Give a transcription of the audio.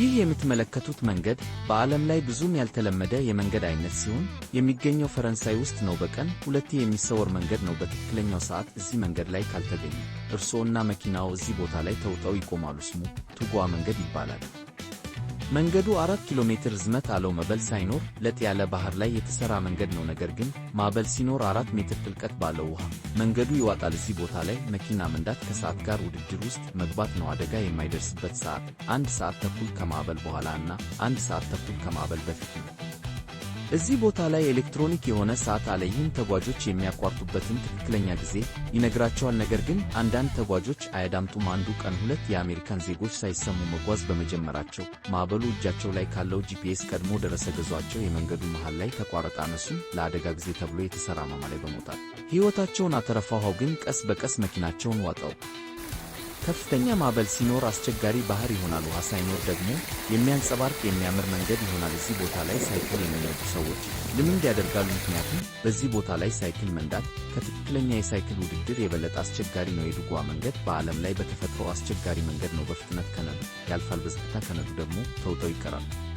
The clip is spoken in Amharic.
ይህ የምትመለከቱት መንገድ በዓለም ላይ ብዙም ያልተለመደ የመንገድ አይነት ሲሆን የሚገኘው ፈረንሳይ ውስጥ ነው። በቀን ሁለቴ የሚሰወር መንገድ ነው። በትክክለኛው ሰዓት እዚህ መንገድ ላይ ካልተገኘ እርስዎና መኪናው እዚህ ቦታ ላይ ተውጠው ይቆማሉ። ስሙ ቱጓ መንገድ ይባላል። መንገዱ አራት ኪሎ ሜትር ዝመት አለው። መበል ሳይኖር ለጥ ያለ ባህር ላይ የተሰራ መንገድ ነው። ነገር ግን ማዕበል ሲኖር አራት ሜትር ጥልቀት ባለው ውሃ መንገዱ ይዋጣል። እዚህ ቦታ ላይ መኪና መንዳት ከሰዓት ጋር ውድድር ውስጥ መግባት ነው። አደጋ የማይደርስበት ሰዓት አንድ ሰዓት ተኩል ከማዕበል በኋላ እና አንድ ሰዓት ተኩል ከማዕበል በፊት ነው። እዚህ ቦታ ላይ ኤሌክትሮኒክ የሆነ ሰዓት አለ። ይህም ተጓዦች የሚያቋርጡበትን ትክክለኛ ጊዜ ይነግራቸዋል። ነገር ግን አንዳንድ ተጓዦች አያዳምጡም። አንዱ ቀን ሁለት የአሜሪካን ዜጎች ሳይሰሙ መጓዝ በመጀመራቸው ማዕበሉ እጃቸው ላይ ካለው ጂፒኤስ ቀድሞ ደረሰ። ገዟቸው የመንገዱ መሃል ላይ ተቋረጠ። እነሱም ለአደጋ ጊዜ ተብሎ የተሰራ ማማ ላይ በመውጣት ሕይወታቸውን አተረፋኋው። ግን ቀስ በቀስ መኪናቸውን ዋጠው። ከፍተኛ ማዕበል ሲኖር አስቸጋሪ ባህር ይሆናል። ውሃ ሳይኖር ደግሞ የሚያንጸባርቅ የሚያምር መንገድ ይሆናል። እዚህ ቦታ ላይ ሳይክል የሚነዱ ሰዎች ልምምድ ያደርጋሉ። ምክንያቱም በዚህ ቦታ ላይ ሳይክል መንዳት ከትክክለኛ የሳይክል ውድድር የበለጠ አስቸጋሪ ነው። የድጓ መንገድ በዓለም ላይ በተፈጥሮ አስቸጋሪ መንገድ ነው። በፍጥነት ከነዱ ያልፋል፣ በዝግታ ከነዱ ደግሞ ተውጠው ይቀራሉ።